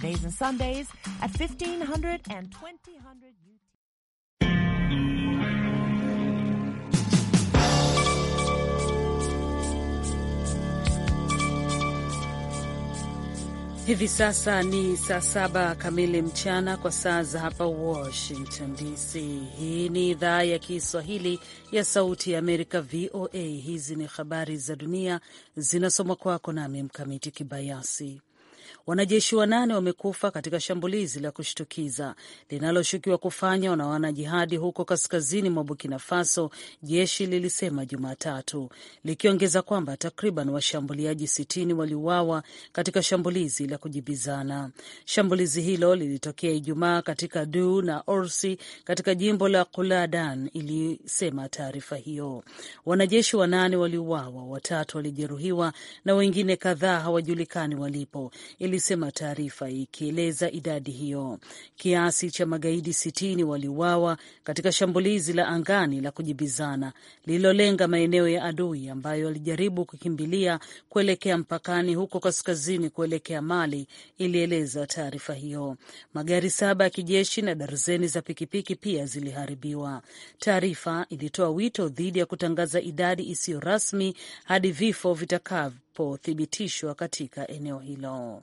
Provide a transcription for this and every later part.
Saturdays and Sundays at 1500 and 2000 UT. Hivi sasa ni saa saba kamili mchana kwa saa za hapa Washington DC. Hii ni idhaa ya Kiswahili ya Sauti ya Amerika, VOA. Hizi ni habari za dunia zinasomwa kwako nami Mkamiti Kibayasi. Wanajeshi wanane wamekufa katika shambulizi la kushtukiza linaloshukiwa kufanywa na wanajihadi huko kaskazini mwa Burkina Faso, jeshi lilisema Jumatatu, likiongeza kwamba takriban washambuliaji sitini waliuawa katika shambulizi la kujibizana. Shambulizi hilo lilitokea Ijumaa katika Du na Orsi katika jimbo la Kuladan, ilisema taarifa hiyo. Wanajeshi wanane waliuawa, watatu walijeruhiwa na wengine kadhaa hawajulikani walipo, ili ilisema taarifa ikieleza idadi hiyo. Kiasi cha magaidi sitini waliuawa katika shambulizi la angani la kujibizana lililolenga maeneo ya adui ambayo alijaribu kukimbilia kuelekea mpakani huko kaskazini kuelekea Mali, ilieleza taarifa hiyo. Magari saba ya kijeshi na darzeni za pikipiki pia ziliharibiwa. Taarifa ilitoa wito dhidi ya kutangaza idadi isiyo rasmi hadi vifo vitakapothibitishwa katika eneo hilo.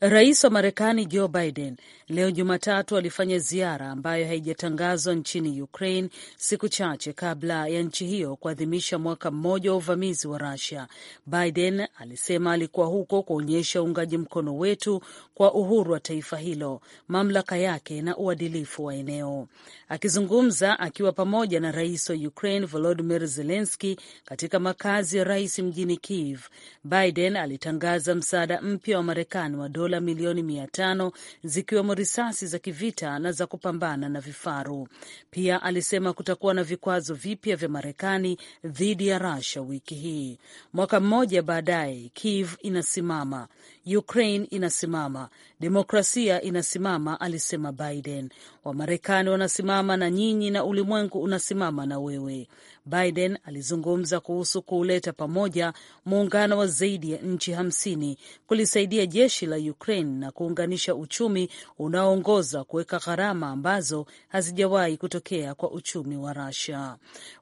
Rais wa Marekani Joe Biden leo Jumatatu alifanya ziara ambayo haijatangazwa nchini Ukraine, siku chache kabla ya nchi hiyo kuadhimisha mwaka mmoja wa uvamizi wa Rusia. Biden alisema alikuwa huko kuonyesha uungaji mkono wetu kwa uhuru wa taifa hilo, mamlaka yake na uadilifu wa eneo. Akizungumza akiwa pamoja na rais wa Ukraine volodimir zelenski katika makazi ya rais mjini Kiev, Biden alitangaza msaada mpya wa Marekani wa dola milioni mia tano zikiwemo risasi za kivita na za kupambana na vifaru. Pia alisema kutakuwa na vikwazo vipya vya Marekani dhidi ya rasha wiki hii. Mwaka mmoja baadaye, Kiev inasimama Ukraine inasimama, demokrasia inasimama, alisema Biden. Wamarekani wanasimama na nyinyi na ulimwengu unasimama na wewe. Biden alizungumza kuhusu kuuleta pamoja muungano wa zaidi ya nchi hamsini kulisaidia jeshi la Ukraine na kuunganisha uchumi unaoongoza kuweka gharama ambazo hazijawahi kutokea kwa uchumi wa Russia.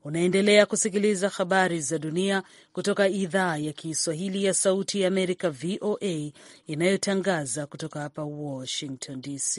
Unaendelea kusikiliza habari za dunia kutoka idhaa ya Kiswahili ya Sauti ya Amerika, VOA, inayotangaza kutoka hapa Washington DC.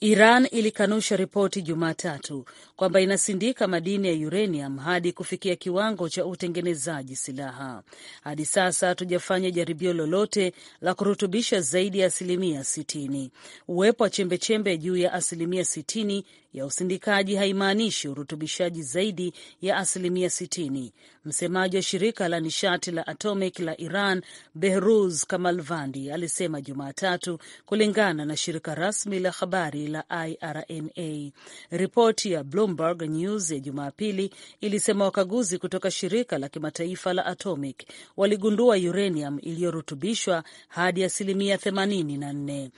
Iran ilikanusha ripoti Jumatatu kwamba inasindika madini ya uranium hadi kufikia kiwango cha utengenezaji silaha. Hadi sasa hatujafanya jaribio lolote la kurutubisha zaidi ya asilimia 60 Uwepo wa chembechembe juu ya asilimia 60 ya usindikaji haimaanishi urutubishaji zaidi ya asilimia sitini. Msemaji wa shirika la nishati la Atomic la Iran, Behruz Kamalvandi, alisema Jumatatu, kulingana na shirika rasmi la habari la IRNA. Ripoti ya Bloomberg News ya Jumapili ilisema wakaguzi kutoka shirika la kimataifa la Atomic waligundua uranium iliyorutubishwa hadi asilimia 84.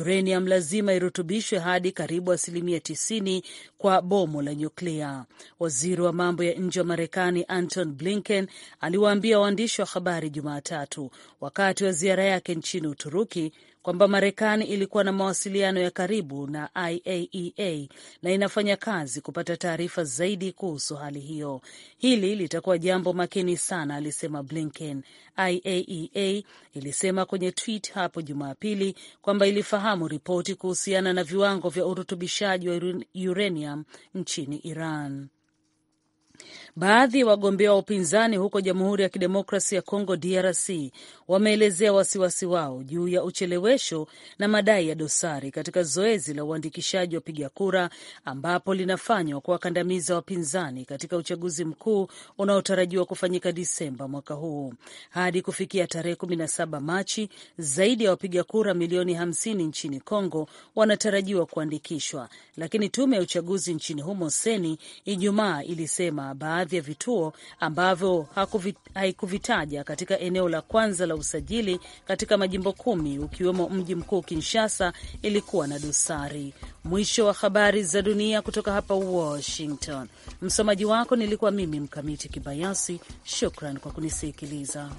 Uranium lazima irutubishwe hadi karibu asilimia 90 kwa bomu la nyuklia. Waziri wa mambo ya nje wa Marekani Anton Blinken aliwaambia waandishi wa habari Jumatatu wakati wa ziara yake nchini Uturuki kwamba Marekani ilikuwa na mawasiliano ya karibu na IAEA e na inafanya kazi kupata taarifa zaidi kuhusu hali hiyo. Hili litakuwa jambo makini sana, alisema Blinken. IAEA e ilisema kwenye tweet hapo Jumapili kwamba ilifahamu ripoti kuhusiana na viwango vya urutubishaji wa uranium nchini Iran. Baadhi ya wagombea wa upinzani huko Jamhuri ya Kidemokrasi ya Kongo, DRC, wameelezea wasiwasi wao juu ya uchelewesho na madai ya dosari katika zoezi la uandikishaji wa piga kura, ambapo linafanywa kuwakandamiza wapinzani katika uchaguzi mkuu unaotarajiwa kufanyika Disemba mwaka huu. Hadi kufikia tarehe 17 Machi, zaidi ya wapiga kura milioni 50 nchini Kongo wanatarajiwa kuandikishwa, lakini tume ya uchaguzi nchini humo, Seni, Ijumaa ilisema baadhi baadhi ya vituo ambavyo haikuvitaja katika eneo la kwanza la usajili katika majimbo kumi ukiwemo mji mkuu Kinshasa ilikuwa na dosari. Mwisho wa habari za dunia kutoka hapa Washington. Msomaji wako nilikuwa mimi Mkamiti Kibayasi. Shukran kwa kunisikiliza.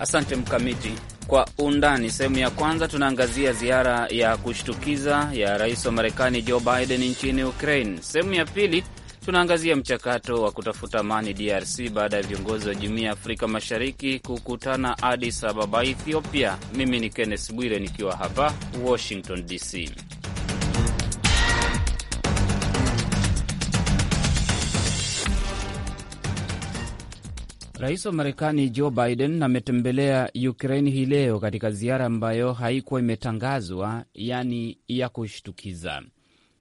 Asante Mkamiti. Kwa undani sehemu ya kwanza, tunaangazia ziara ya kushtukiza ya rais wa Marekani Joe Biden nchini Ukraine. Sehemu ya pili, tunaangazia mchakato wa kutafuta amani DRC baada ya viongozi wa jumuiya ya Afrika Mashariki kukutana Addis Ababa, Ethiopia. Mimi ni Kenneth Bwire nikiwa hapa Washington DC. Rais wa Marekani Joe Biden ametembelea Ukraine hii leo katika ziara ambayo haikuwa imetangazwa, yaani ya kushtukiza.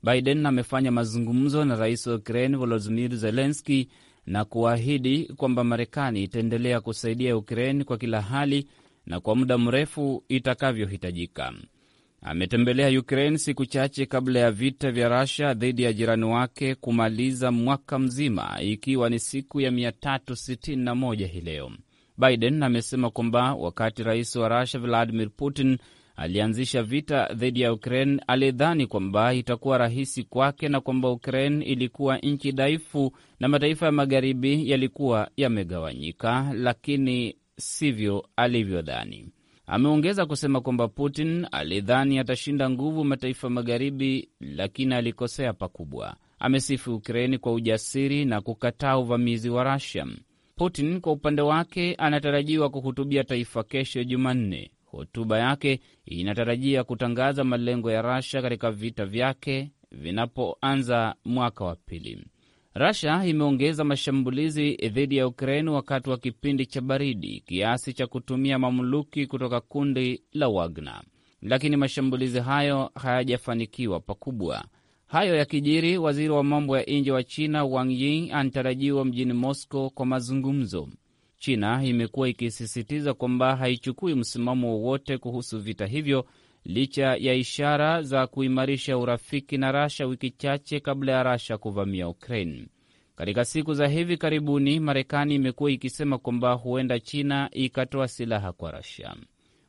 Biden amefanya mazungumzo na rais wa Ukraine Volodimir Zelenski na kuahidi kwamba Marekani itaendelea kusaidia Ukraine kwa kila hali na kwa muda mrefu itakavyohitajika ametembelea Ukraine siku chache kabla ya vita vya rasha dhidi ya jirani wake kumaliza mwaka mzima ikiwa ni siku ya 361 hii leo. Biden amesema kwamba wakati rais wa Russia Vladimir Putin alianzisha vita dhidi ya Ukraine alidhani kwamba itakuwa rahisi kwake na kwamba Ukraine ilikuwa nchi dhaifu na mataifa ya magharibi yalikuwa yamegawanyika, lakini sivyo alivyodhani. Ameongeza kusema kwamba Putin alidhani atashinda nguvu mataifa magharibi, lakini alikosea pakubwa. Amesifu Ukraini kwa ujasiri na kukataa uvamizi wa Rusia. Putin kwa upande wake anatarajiwa kuhutubia taifa kesho Jumanne. Hotuba yake inatarajia kutangaza malengo ya Rusia katika vita vyake vinapoanza mwaka wa pili. Russia imeongeza mashambulizi dhidi ya Ukraine wakati wa kipindi cha baridi kiasi cha kutumia mamluki kutoka kundi la Wagner, lakini mashambulizi hayo hayajafanikiwa pakubwa. Hayo yakijiri, waziri wa mambo ya nje wa China Wang Yi anatarajiwa mjini Moscow kwa mazungumzo. China imekuwa ikisisitiza kwamba haichukui msimamo wowote kuhusu vita hivyo licha ya ishara za kuimarisha urafiki na Rasha wiki chache kabla ya Rasha kuvamia Ukraine. Katika siku za hivi karibuni, Marekani imekuwa ikisema kwamba huenda China ikatoa silaha kwa Rasia.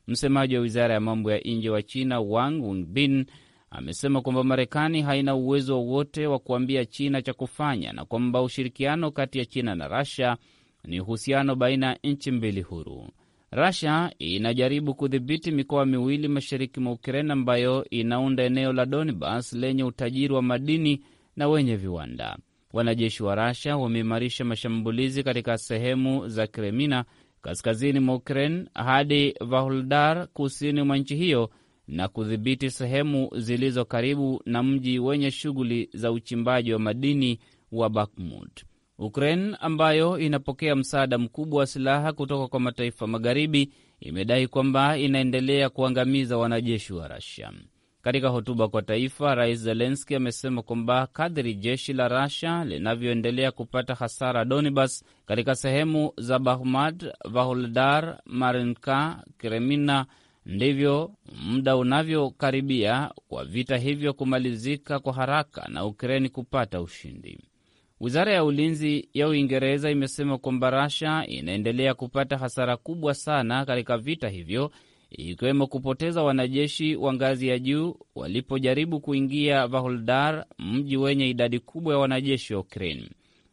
Msemaji wa wizara ya mambo ya nje wa China Wang wingbin amesema kwamba Marekani haina uwezo wowote wa kuambia China cha kufanya na kwamba ushirikiano kati ya China na Rasia ni uhusiano baina ya nchi mbili huru. Rasia inajaribu kudhibiti mikoa miwili mashariki mwa Ukraine ambayo inaunda eneo la Donbas lenye utajiri wa madini na wenye viwanda. Wanajeshi wa Rasia wameimarisha mashambulizi katika sehemu za Kremina kaskazini mwa Ukraine hadi Vahuldar kusini mwa nchi hiyo na kudhibiti sehemu zilizo karibu na mji wenye shughuli za uchimbaji wa madini wa Bakhmut. Ukraine ambayo inapokea msaada mkubwa wa silaha kutoka kwa mataifa magharibi imedai kwamba inaendelea kuangamiza wanajeshi wa Rasia. Katika hotuba kwa taifa, Rais Zelenski amesema kwamba kadri jeshi la Rasia linavyoendelea kupata hasara Donibas, katika sehemu za Bahmad, vahuldar Marinka, Kremina, ndivyo muda unavyokaribia kwa vita hivyo kumalizika kwa haraka na Ukraini kupata ushindi. Wizara ya ulinzi ya Uingereza imesema kwamba rasha inaendelea kupata hasara kubwa sana katika vita hivyo, ikiwemo kupoteza wanajeshi wa ngazi ya juu walipojaribu kuingia Vaholdar, mji wenye idadi kubwa ya wanajeshi wa Ukraine.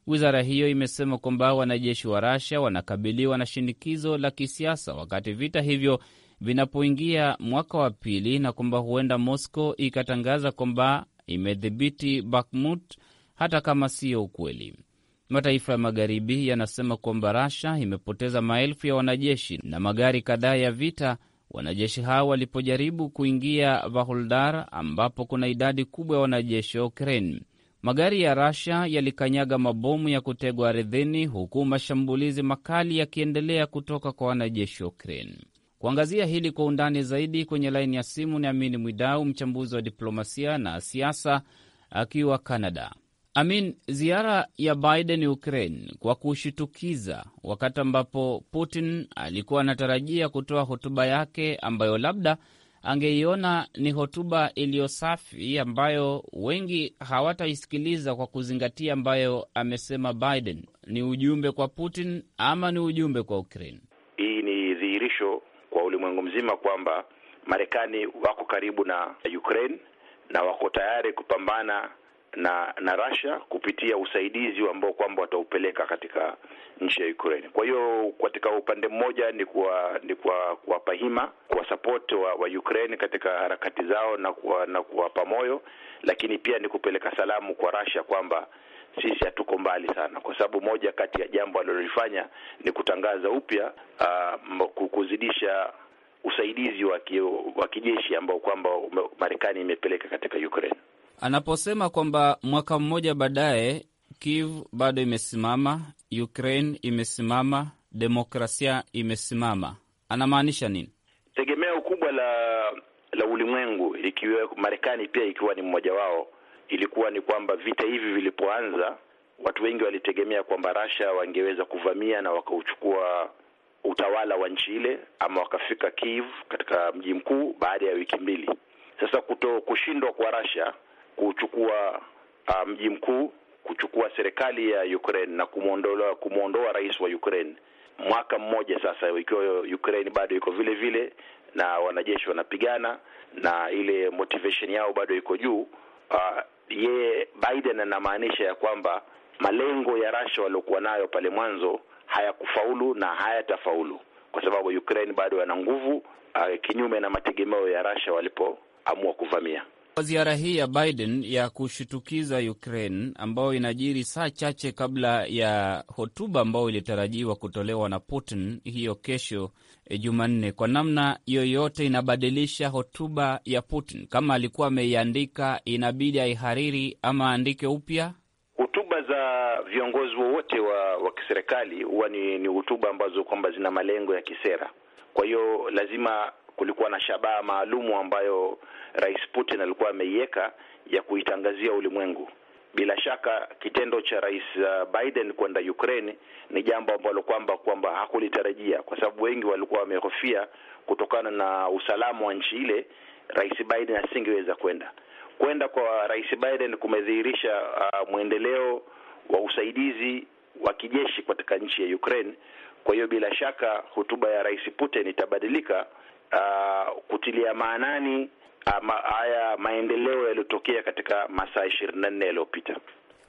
Wizara hiyo imesema kwamba wanajeshi wa rasha wanakabiliwa na shinikizo la kisiasa wakati vita hivyo vinapoingia mwaka wa pili, na kwamba huenda Moscow ikatangaza kwamba imedhibiti Bakhmut hata kama siyo ukweli. Mataifa ya Magharibi yanasema kwamba Rasha imepoteza maelfu ya wanajeshi na magari kadhaa ya vita wanajeshi hao walipojaribu kuingia Vahuldar, ambapo kuna idadi kubwa ya wanajeshi wa Ukraine. Magari ya Rasha yalikanyaga mabomu ya kutegwa ardhini, huku mashambulizi makali yakiendelea kutoka kwa wanajeshi wa Ukraine. Kuangazia hili kwa undani zaidi, kwenye laini ya simu ni Amini Mwidau, mchambuzi wa diplomasia na siasa akiwa Canada. Amin, ziara ya Biden Ukraine kwa kushitukiza, wakati ambapo Putin alikuwa anatarajia kutoa hotuba yake ambayo labda angeiona ni hotuba iliyo safi ambayo wengi hawataisikiliza kwa kuzingatia ambayo amesema Biden. Ni ujumbe kwa Putin ama ni ujumbe kwa Ukraine? Hii ni dhihirisho kwa ulimwengu mzima kwamba Marekani wako karibu na Ukraine na wako tayari kupambana na na Russia kupitia usaidizi ambao kwamba wataupeleka katika nchi ya Ukraine. Kwa hiyo katika upande mmoja ni kuwa ni kuwapa hima kuwa support wa, wa Ukraine katika harakati zao na kuwa, na kuwapa moyo, lakini pia ni kupeleka salamu kwa Russia kwamba sisi hatuko mbali sana, kwa sababu moja kati ya jambo alilolifanya ni kutangaza upya uh, kuzidisha usaidizi wa kijeshi ambao kwamba Marekani imepeleka katika Ukraine anaposema kwamba mwaka mmoja baadaye Kiev bado imesimama, Ukraine imesimama, demokrasia imesimama, anamaanisha nini? Tegemeo kubwa la la ulimwengu likiwa Marekani pia ikiwa ni mmoja wao, ilikuwa ni kwamba vita hivi vilipoanza, watu wengi walitegemea kwamba Russia wangeweza kuvamia na wakauchukua utawala wa nchi ile, ama wakafika Kiev katika mji mkuu baada ya wiki mbili. Sasa kuto kushindwa kwa Russia kuchukua ah, mji mkuu, kuchukua serikali ya Ukraine na kumwondoa kumwondoa rais wa Ukraine mwaka mmoja sasa, ikiwa Ukraine bado iko vile vile na wanajeshi wanapigana na ile motivation yao bado iko juu. Uh, yeye Biden anamaanisha ya kwamba malengo ya Russia waliokuwa nayo pale mwanzo hayakufaulu na hayatafaulu kwa sababu Ukraine bado yana nguvu, uh, kinyume na mategemeo ya Russia walipoamua kuvamia kwa ziara hii ya Biden ya kushitukiza Ukraine ambayo inajiri saa chache kabla ya hotuba ambayo ilitarajiwa kutolewa na Putin hiyo kesho e, Jumanne, kwa namna yoyote inabadilisha hotuba ya Putin. Kama alikuwa ameiandika, inabidi aihariri ama aandike upya. Hotuba za viongozi wowote wa, wa kiserikali huwa ni hotuba ambazo kwamba zina malengo ya kisera, kwa hiyo lazima kulikuwa na shabaha maalumu ambayo Rais Putin alikuwa ameiweka ya kuitangazia ulimwengu. Bila shaka kitendo cha Rais uh, Biden kwenda Ukraine ni jambo ambalo kwamba kwamba hakulitarajia, kwa sababu wengi walikuwa wamehofia kutokana na usalama wa nchi ile, Rais Biden asingeweza kwenda. Kwenda kwa Rais Biden kumedhihirisha uh, mwendeleo wa usaidizi wa kijeshi katika nchi ya Ukraine. Kwa hiyo bila shaka hotuba ya Rais Putin itabadilika uh, kutilia maanani uh, haya maendeleo yaliyotokea katika masaa ishirini na nne yaliyopita.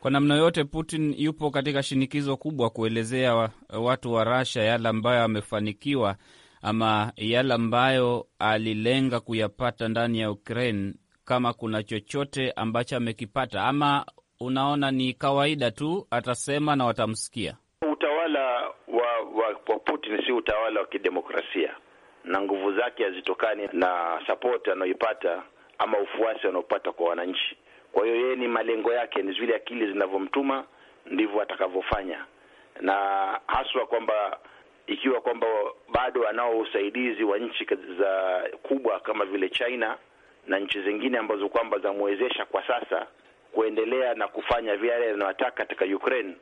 Kwa namna yote Putin yupo katika shinikizo kubwa kuelezea watu wa Russia yale ambayo amefanikiwa ama yale ambayo alilenga kuyapata ndani ya Ukraine, kama kuna chochote ambacho amekipata, ama unaona ni kawaida tu, atasema na watamsikia. Utawala wa, wa, wa Putin si utawala wa kidemokrasia na nguvu zake hazitokani na support anayoipata ama ufuasi anaopata kwa wananchi. Kwa hiyo yeye ni malengo yake, ni zile akili zinavyomtuma ndivyo atakavyofanya, na haswa kwamba ikiwa kwamba bado anao usaidizi wa nchi za kubwa kama vile China na nchi zingine ambazo kwamba zamwezesha kwa sasa kuendelea na kufanya vile anayotaka katika Ukraine,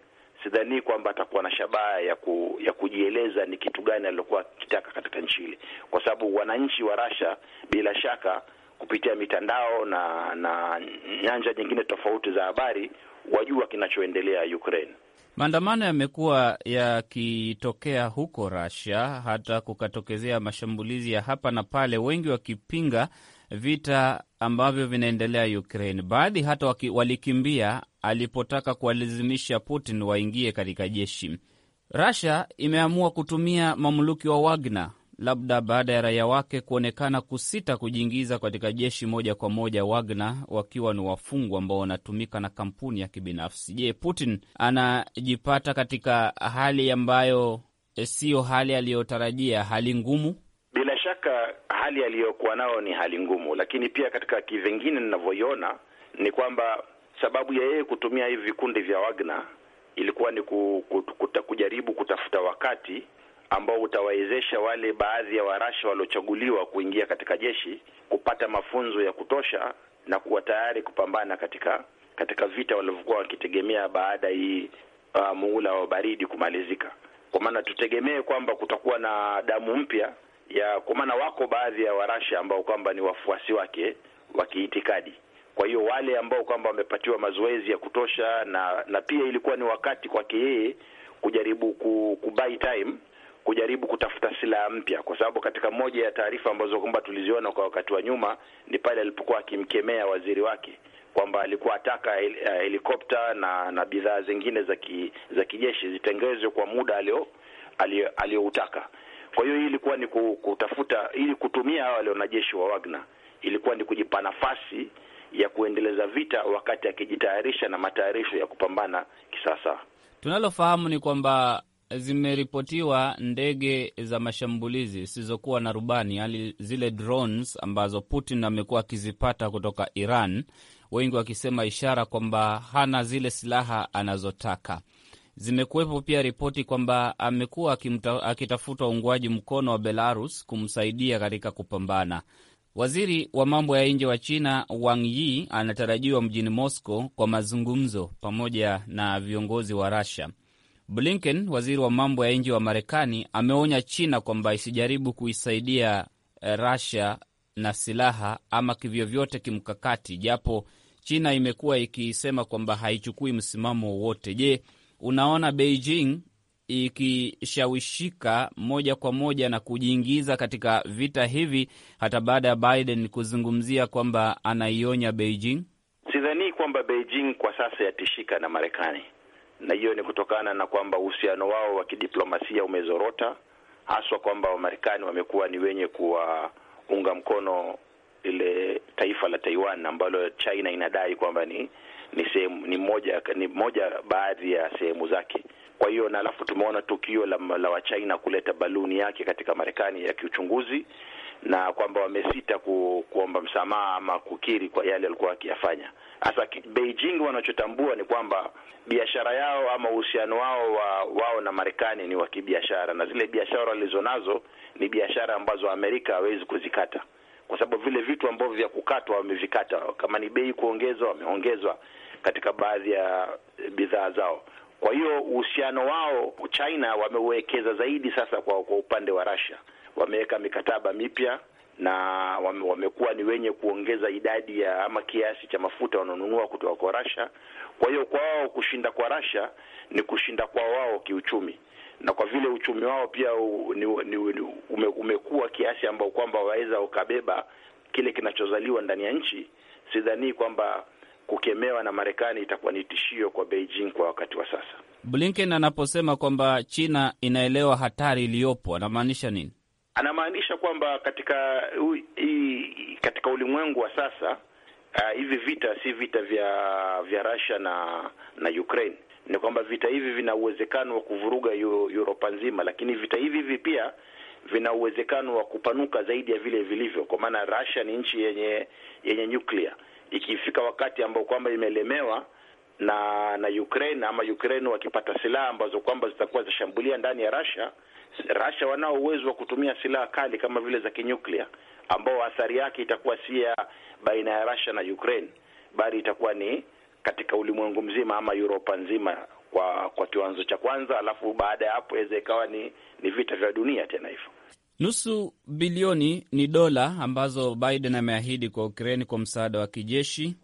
sidhanii kwamba atakuwa na shabaha ya ku, ya kujieleza ni kitu gani alilokuwa akitaka katika nchi ile, kwa sababu wananchi wa Russia bila shaka kupitia mitandao na na nyanja nyingine tofauti za habari wajua kinachoendelea Ukraine. Maandamano yamekuwa yakitokea huko Russia, hata kukatokezea mashambulizi ya hapa na pale, wengi wakipinga vita ambavyo vinaendelea Ukraine. Baadhi hata waki, walikimbia alipotaka kuwalazimisha Putin waingie katika jeshi. Russia imeamua kutumia mamluki wa Wagner labda baada ya raia wake kuonekana kusita kujiingiza katika jeshi moja kwa moja, Wagner wakiwa ni wafungwa ambao wanatumika na kampuni ya kibinafsi. Je, Putin anajipata katika hali ambayo eh, siyo hali aliyotarajia, hali ngumu? hakika hali aliyokuwa nao ni hali ngumu, lakini pia katika kivingine ninavyoiona ni kwamba sababu ya yeye kutumia hivi vikundi vya Wagner ilikuwa ni ku, ku, kuta, kujaribu kutafuta wakati ambao utawawezesha wale baadhi ya Warasha waliochaguliwa kuingia katika jeshi kupata mafunzo ya kutosha na kuwa tayari kupambana katika katika vita walivyokuwa wakitegemea baada hii uh, muhula wa baridi kumalizika. Kwa maana tutegemee kwamba kutakuwa na damu mpya ya kwa maana wako baadhi ya Warasha ambao kwamba ni wafuasi wake wa kiitikadi. Kwa hiyo wale ambao kwamba wamepatiwa mazoezi ya kutosha, na na pia ilikuwa ni wakati kwake yeye kujaribu kubuy time, kujaribu kutafuta silaha mpya, kwa sababu katika moja ya taarifa ambazo kwamba tuliziona kwa wakati wa nyuma ni pale alipokuwa akimkemea waziri wake kwamba alikuwa ataka eh, helikopta na na bidhaa zingine za ki, za kijeshi zitengezwe kwa muda alio alioutaka kwa hiyo hii ilikuwa ni kutafuta ili kutumia hawa wale wanajeshi wa Wagner, ilikuwa ni kujipa nafasi ya kuendeleza vita wakati akijitayarisha na matayarisho ya kupambana kisasa. Tunalofahamu ni kwamba zimeripotiwa ndege za mashambulizi zisizokuwa na rubani, yaani zile drones ambazo Putin amekuwa akizipata kutoka Iran, wengi wakisema ishara kwamba hana zile silaha anazotaka. Zimekuwepo pia ripoti kwamba amekuwa akitafuta uungwaji mkono wa Belarus kumsaidia katika kupambana. Waziri wa mambo ya nje wa China Wang Yi anatarajiwa mjini Moscow kwa mazungumzo pamoja na viongozi wa Russia. Blinken, waziri wa mambo ya nje wa Marekani, ameonya China kwamba isijaribu kuisaidia eh, Russia na silaha ama kivyovyote kimkakati, japo China imekuwa ikisema kwamba haichukui msimamo wowote. Je, unaona Beijing ikishawishika moja kwa moja na kujiingiza katika vita hivi, hata baada ya Biden kuzungumzia kwamba anaionya Beijing? Sidhanii kwamba Beijing kwa sasa yatishika na Marekani, na hiyo ni kutokana na kwamba uhusiano wao wa kidiplomasia umezorota, haswa kwamba Wamarekani wamekuwa ni wenye kuwaunga mkono ile taifa la Taiwan ambalo China inadai kwamba ni ni sehemu ni moja ni moja baadhi ya sehemu zake. Kwa hiyo na alafu tumeona tukio la, la Wachina kuleta baluni yake katika Marekani ya kiuchunguzi na kwamba wamesita ku, kuomba msamaha ama kukiri kwa yale walikuwa wakiyafanya. Hasa Beijing wanachotambua ni kwamba biashara yao ama uhusiano wao wa, wao na Marekani ni wa kibiashara, na zile biashara walizonazo ni biashara ambazo Amerika hawezi kuzikata kwa sababu vile vitu ambavyo vya kukatwa wamevikata, kama ni bei kuongezwa wameongezwa katika baadhi ya eh, bidhaa zao. Kwa hiyo uhusiano wao China wameuwekeza zaidi sasa kwa, kwa upande wa Russia wameweka mikataba mipya na wamekuwa ni wenye kuongeza idadi ya ama kiasi cha mafuta wanaonunua kutoka kwa Russia. Kwa hiyo kwa wao kushinda kwa Russia ni kushinda kwa wao kiuchumi na kwa vile uchumi wao pia umekuwa kiasi ambao kwamba waweza ukabeba kile kinachozaliwa ndani ya nchi, sidhanii kwamba kukemewa na Marekani itakuwa ni tishio kwa Beijing kwa wakati wa sasa. Blinken anaposema kwamba China inaelewa hatari iliyopo anamaanisha nini? Anamaanisha kwamba katika u, i, katika ulimwengu wa sasa uh, hivi uh, vita si vita vya vya Russia na na Ukraine ni kwamba vita hivi vina uwezekano wa kuvuruga Europa nzima, lakini vita hivi hivi pia vina uwezekano wa kupanuka zaidi ya vile vilivyo, kwa maana Russia ni nchi yenye yenye nyuklia. Ikifika wakati ambao kwamba imelemewa na na Ukraine ama Ukraine wakipata silaha ambazo kwamba zitakuwa zashambulia ndani ya Russia, Russia wanao uwezo wa kutumia silaha kali kama vile za kinyuklia, ambao athari yake itakuwa si ya baina ya Russia na Ukraine, bali itakuwa ni katika ulimwengu mzima ama Europa nzima kwa kwa kiwanzo cha kwanza, alafu baada ya hapo iweze ikawa ni, ni vita vya dunia tena hivyo. Nusu bilioni ni dola ambazo Biden ameahidi kwa Ukraine kwa msaada wa kijeshi.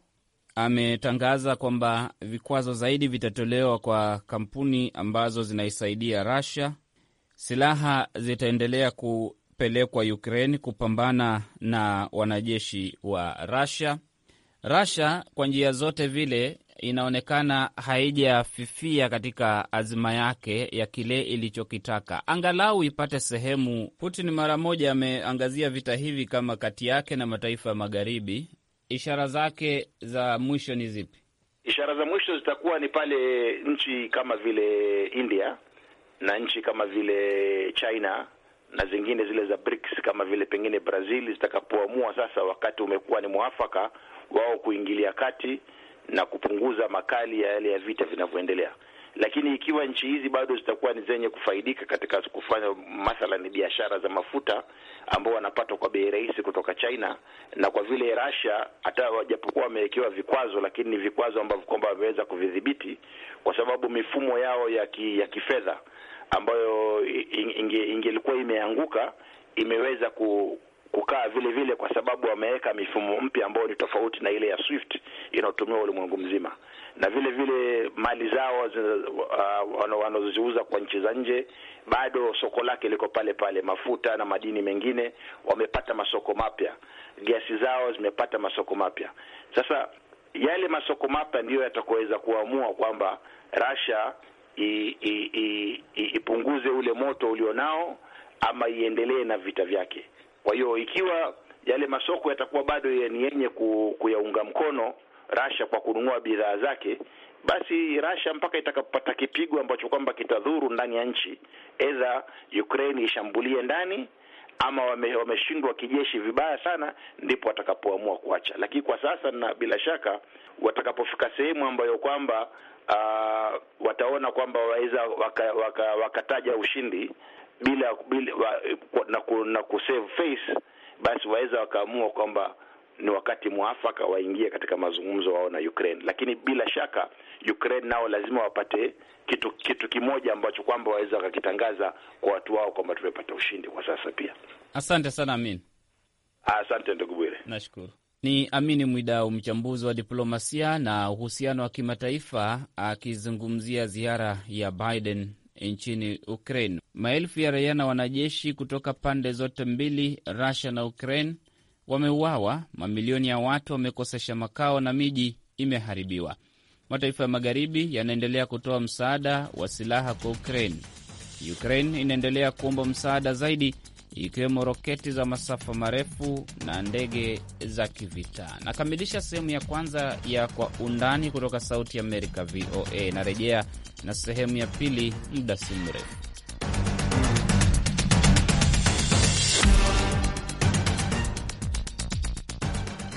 Ametangaza kwamba vikwazo zaidi vitatolewa kwa kampuni ambazo zinaisaidia Russia. Silaha zitaendelea kupelekwa Ukraine kupambana na wanajeshi wa Russia. Russia kwa njia zote vile inaonekana haijafifia katika azima yake ya kile ilichokitaka, angalau ipate sehemu. Putin mara moja ameangazia vita hivi kama kati yake na mataifa ya Magharibi. Ishara zake za mwisho ni zipi? Ishara za mwisho zitakuwa ni pale nchi kama vile India na nchi kama vile China na zingine zile za BRICS kama vile pengine Brazil zitakapoamua sasa, wakati umekuwa ni mwafaka wao kuingilia kati na kupunguza makali ya yale ya vita vinavyoendelea. Lakini ikiwa nchi hizi bado zitakuwa ni zenye kufaidika katika kufanya mathalani biashara za mafuta ambao wanapatwa kwa bei rahisi kutoka China, na kwa vile Russia hata wajapokuwa wamewekewa vikwazo, lakini ni vikwazo ambavyo kwamba wameweza kuvidhibiti kwa sababu mifumo yao ya ki, ya kifedha ambayo ingelikuwa inge imeanguka imeweza ku, kukaa vile vile, kwa sababu wameweka mifumo mpya ambayo ni tofauti na ile ya Swift inayotumiwa ulimwengu mzima, na vile vile mali zao uh, wanazoziuza kwa nchi za nje bado soko lake liko pale pale. Mafuta na madini mengine wamepata masoko mapya, gesi zao zimepata masoko mapya. Sasa yale masoko mapya ndiyo yatakoweza kuamua kwamba Russia I, i, i, i, ipunguze ule moto ulionao ama iendelee na vita vyake. Kwa hiyo ikiwa yale masoko yatakuwa bado ni yenye kuyaunga mkono Russia kwa kununua bidhaa zake, basi Russia mpaka itakapopata kipigo ambacho kwamba kitadhuru ndani ya nchi, edha Ukraine ishambulie ndani ama wameshindwa wame kijeshi vibaya sana, ndipo watakapoamua kuacha. Lakini kwa sasa na bila shaka watakapofika sehemu ambayo kwamba uh, wataona kwamba waweza wakataja waka, waka ushindi bila, bila na, ku, na save face, basi waweza wakaamua kwamba ni wakati mwafaka waingie katika mazungumzo wao na Ukraine, lakini bila shaka Ukraine nao lazima wapate kitu kitu kimoja ambacho kwamba waweza wakakitangaza kwa watu wao kwamba tumepata ushindi kwa sasa. Pia asante sana Amin. Asante ndugu Bwire, nashukuru. Ni Amini Mwidau, mchambuzi wa diplomasia na uhusiano wa kimataifa, akizungumzia ziara ya Biden nchini Ukraine. Maelfu ya raia na wanajeshi kutoka pande zote mbili, Rusia na Ukraine, wameuawa. Mamilioni ya watu wamekosesha makao na miji imeharibiwa. Mataifa ya magharibi yanaendelea kutoa msaada wa silaha kwa Ukraine. Ukraine inaendelea kuomba msaada zaidi ikiwemo roketi za masafa marefu na ndege za kivita. Nakamilisha sehemu ya kwanza ya Kwa Undani kutoka Sauti Amerika, VOA. Narejea na sehemu ya pili muda si mrefu.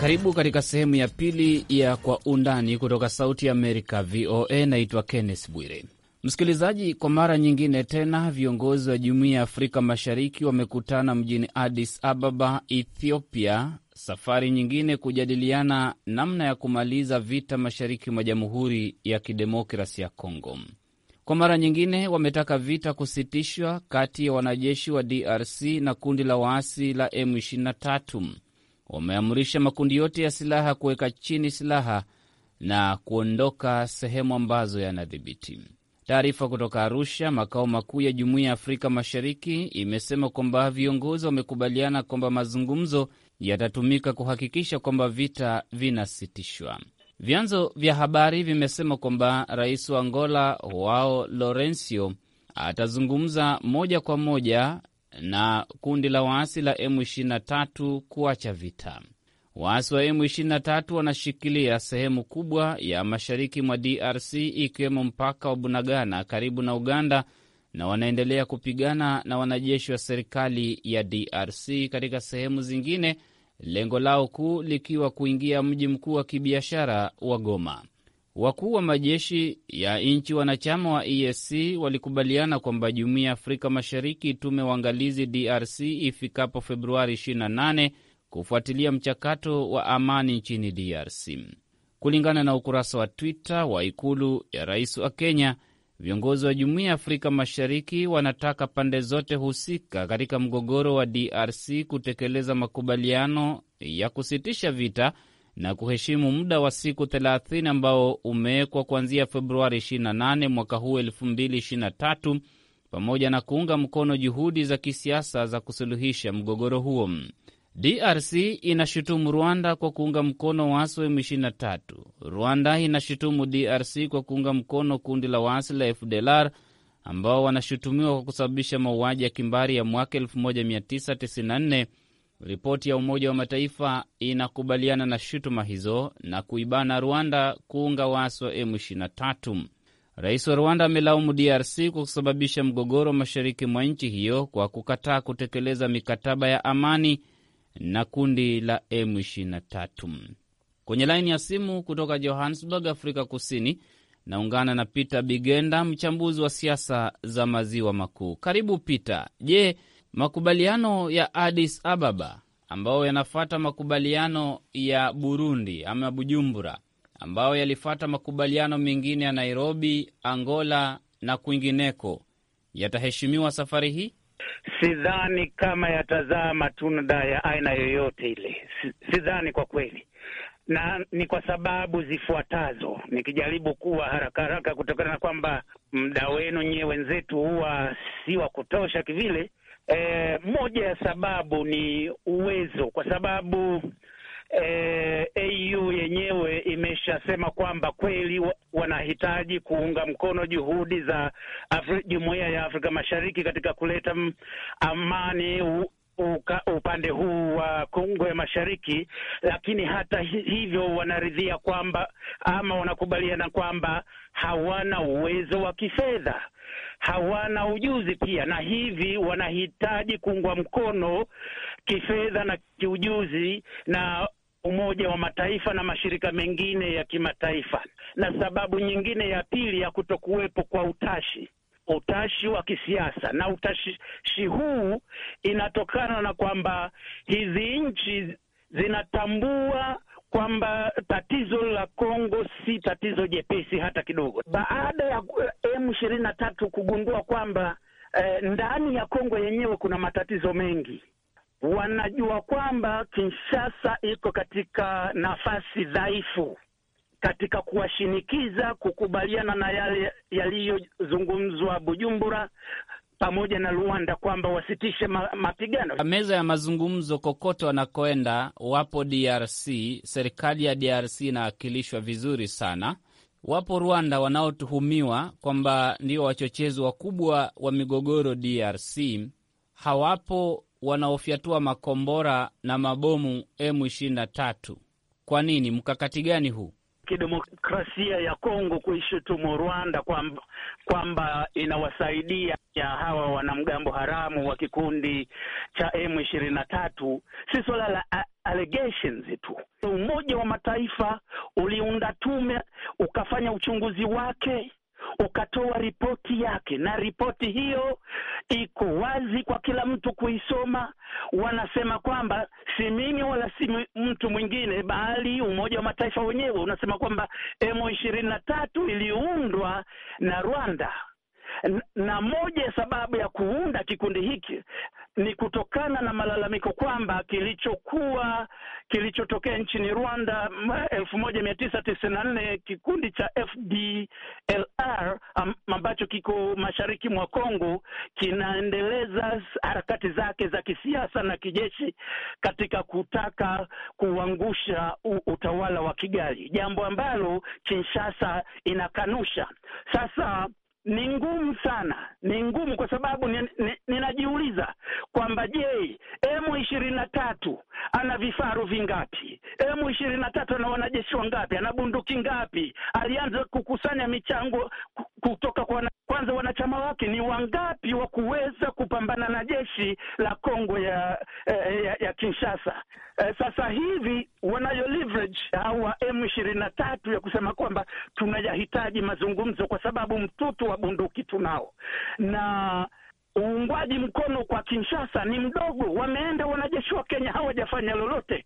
Karibu katika sehemu ya pili ya Kwa Undani kutoka Sauti Amerika, VOA. Naitwa Kenneth Bwire. Msikilizaji, kwa mara nyingine tena viongozi wa jumuiya ya Afrika Mashariki wamekutana mjini Addis Ababa, Ethiopia, safari nyingine kujadiliana namna ya kumaliza vita mashariki mwa Jamhuri ya Kidemokrasi ya Kongo. Kwa mara nyingine wametaka vita kusitishwa kati ya wanajeshi wa DRC na kundi la waasi la M23. Wameamrisha makundi yote ya silaha kuweka chini silaha na kuondoka sehemu ambazo yanadhibiti. Taarifa kutoka Arusha, makao makuu ya Jumuiya ya Afrika Mashariki, imesema kwamba viongozi wamekubaliana kwamba mazungumzo yatatumika kuhakikisha kwamba vita vinasitishwa. Vyanzo vya habari vimesema kwamba rais wa Angola Joao lorencio atazungumza moja kwa moja na kundi la waasi la M23 kuacha vita. Waasi wa M23 wanashikilia sehemu kubwa ya mashariki mwa DRC ikiwemo mpaka wa Bunagana karibu na Uganda na wanaendelea kupigana na wanajeshi wa serikali ya DRC katika sehemu zingine, lengo lao kuu likiwa kuingia mji mkuu wa kibiashara wa Goma. Wakuu wa majeshi ya nchi wanachama wa EAC walikubaliana kwamba Jumuiya ya Afrika Mashariki itume uangalizi DRC ifikapo Februari 28 kufuatilia mchakato wa amani nchini DRC. Kulingana na ukurasa wa Twitter wa ikulu ya rais wa Kenya, viongozi wa jumuiya ya Afrika Mashariki wanataka pande zote husika katika mgogoro wa DRC kutekeleza makubaliano ya kusitisha vita na kuheshimu muda wa siku 30 ambao umewekwa kuanzia Februari 28 mwaka huu 2023, pamoja na kuunga mkono juhudi za kisiasa za kusuluhisha mgogoro huo. DRC inashutumu Rwanda kwa kuunga mkono waasi wa M23. Rwanda inashutumu DRC kwa kuunga mkono kundi la waasi la FDLR ambao wanashutumiwa kwa kusababisha mauaji ya kimbari ya mwaka 1994. Ripoti ya Umoja wa Mataifa inakubaliana na shutuma hizo na kuibana Rwanda kuunga waasi wa M23. Rais wa Rwanda amelaumu DRC kwa kusababisha mgogoro mashariki mwa nchi hiyo kwa kukataa kutekeleza mikataba ya amani na kundi la M23. Kwenye laini ya simu kutoka Johannesburg, Afrika Kusini, naungana na Peter Bigenda, mchambuzi wa siasa za maziwa makuu. Karibu Peter. Je, makubaliano ya Addis Ababa ambayo yanafuata makubaliano ya Burundi ama Bujumbura ambayo yalifuata makubaliano mengine ya Nairobi, Angola na kwingineko yataheshimiwa safari hii? Sidhani kama yatazaa matunda ya aina yoyote ile, sidhani kwa kweli, na ni kwa sababu zifuatazo. Nikijaribu kuwa haraka haraka, kutokana na kwamba muda wenu nyie wenzetu huwa si wa kutosha kivile. E, moja ya sababu ni uwezo, kwa sababu eh, AU yenyewe imeshasema kwamba kweli wanahitaji kuunga mkono juhudi za jumuiya ya Afrika Mashariki katika kuleta amani u, uka, upande huu wa uh, Kongo ya Mashariki, lakini hata hivyo wanaridhia kwamba ama wanakubaliana kwamba hawana uwezo wa kifedha hawana ujuzi pia, na hivi wanahitaji kuungwa mkono kifedha na kiujuzi na Umoja wa Mataifa na mashirika mengine ya kimataifa. Na sababu nyingine ya pili ya kutokuwepo kwa utashi, utashi wa kisiasa, na utashi huu inatokana na kwamba hizi nchi zinatambua kwamba tatizo la Kongo si tatizo jepesi hata kidogo. Baada ya M ishirini na tatu kugundua kwamba eh, ndani ya Kongo yenyewe kuna matatizo mengi wanajua kwamba Kinshasa iko katika nafasi dhaifu katika kuwashinikiza kukubaliana na yale yaliyozungumzwa Bujumbura pamoja na Rwanda kwamba wasitishe ma mapigano. Meza ya mazungumzo kokote wanakoenda, wapo DRC, serikali ya DRC inawakilishwa vizuri sana. Wapo Rwanda wanaotuhumiwa kwamba ndio wachochezi wakubwa wa migogoro DRC. Hawapo wanaofyatua makombora na mabomu M23. Kwa nini? Mkakati gani huu? Kidemokrasia ya Kongo kuishutumu Rwanda kwamba kwamba inawasaidia ya hawa wanamgambo haramu wa kikundi cha M23 si suala la allegations tu. Umoja wa Mataifa uliunda tume ukafanya uchunguzi wake ukatoa ripoti yake, na ripoti hiyo iko wazi kwa kila mtu kuisoma. Wanasema kwamba si mimi wala si mtu mwingine, bali Umoja wa Mataifa wenyewe unasema kwamba m ishirini na tatu iliundwa na Rwanda na moja ya sababu ya kuunda kikundi hiki ni kutokana na malalamiko kwamba kilichokuwa kilichotokea nchini Rwanda elfu moja mia tisa tisini na nne kikundi cha FDLR ambacho kiko mashariki mwa Kongo kinaendeleza harakati zake za kisiasa na kijeshi katika kutaka kuangusha utawala wa Kigali, jambo ambalo Kinshasa inakanusha. Sasa ni ngumu sana, ni ngumu kwa sababu ninajiuliza ni, ni kwamba je, emu ishirini na tatu ana vifaru vingapi? Emu ishirini na tatu ana wanajeshi wangapi? Ana bunduki ngapi? Alianza kukusanya michango kutoka kwa kwanza wanachama wake ni wangapi wa kuweza kupambana na jeshi la Kongo ya, eh, ya, ya Kinshasa. Eh, sasa hivi wanayo leverage hawa M 23 tatu ya kusema kwamba tunayahitaji mazungumzo, kwa sababu mtutu wa bunduki tunao na uungwaji mkono kwa Kinshasa ni mdogo. Wameenda wanajeshi wa Kenya hawajafanya lolote.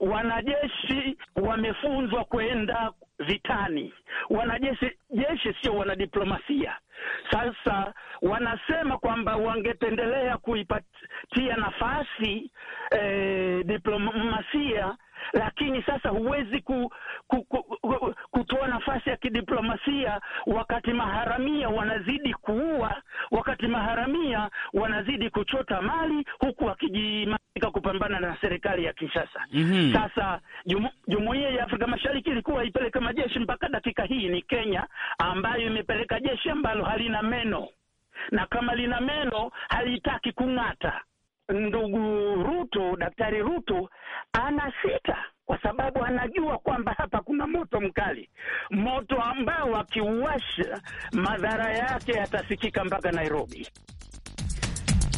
Wanajeshi wamefunzwa kwenda vitani, wanajeshi jeshi sio wanadiplomasia. Sasa wanasema kwamba wangependelea kuipatia nafasi eh, diplomasia lakini sasa huwezi ku, ku, ku, ku, kutoa nafasi ya kidiplomasia wakati maharamia wanazidi kuua, wakati maharamia wanazidi kuchota mali huku wakijimaika kupambana na serikali ya Kinshasa. mm -hmm. Sasa jumuiya ya Afrika Mashariki ilikuwa haipeleka majeshi mpaka dakika hii ni Kenya ambayo imepeleka jeshi ambalo halina meno na kama lina meno halitaki kung'ata ndugu Ruto, Daktari Ruto ana sita kwa sababu anajua kwamba hapa kuna moto mkali, moto ambao akiuwasha madhara yake yatasikika mpaka Nairobi.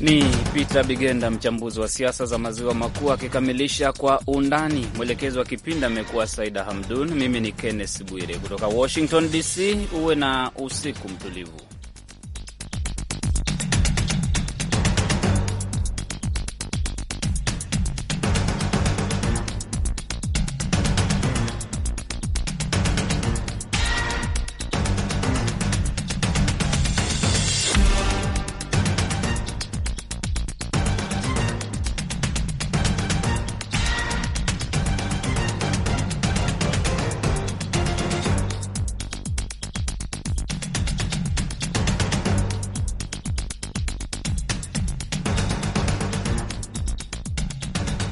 Ni Peter Bigenda, mchambuzi wa siasa za maziwa makuu, akikamilisha kwa undani. Mwelekezi wa kipindi amekuwa Saida Hamdun, mimi ni Kenneth Bwire kutoka Washington DC. Uwe na usiku mtulivu.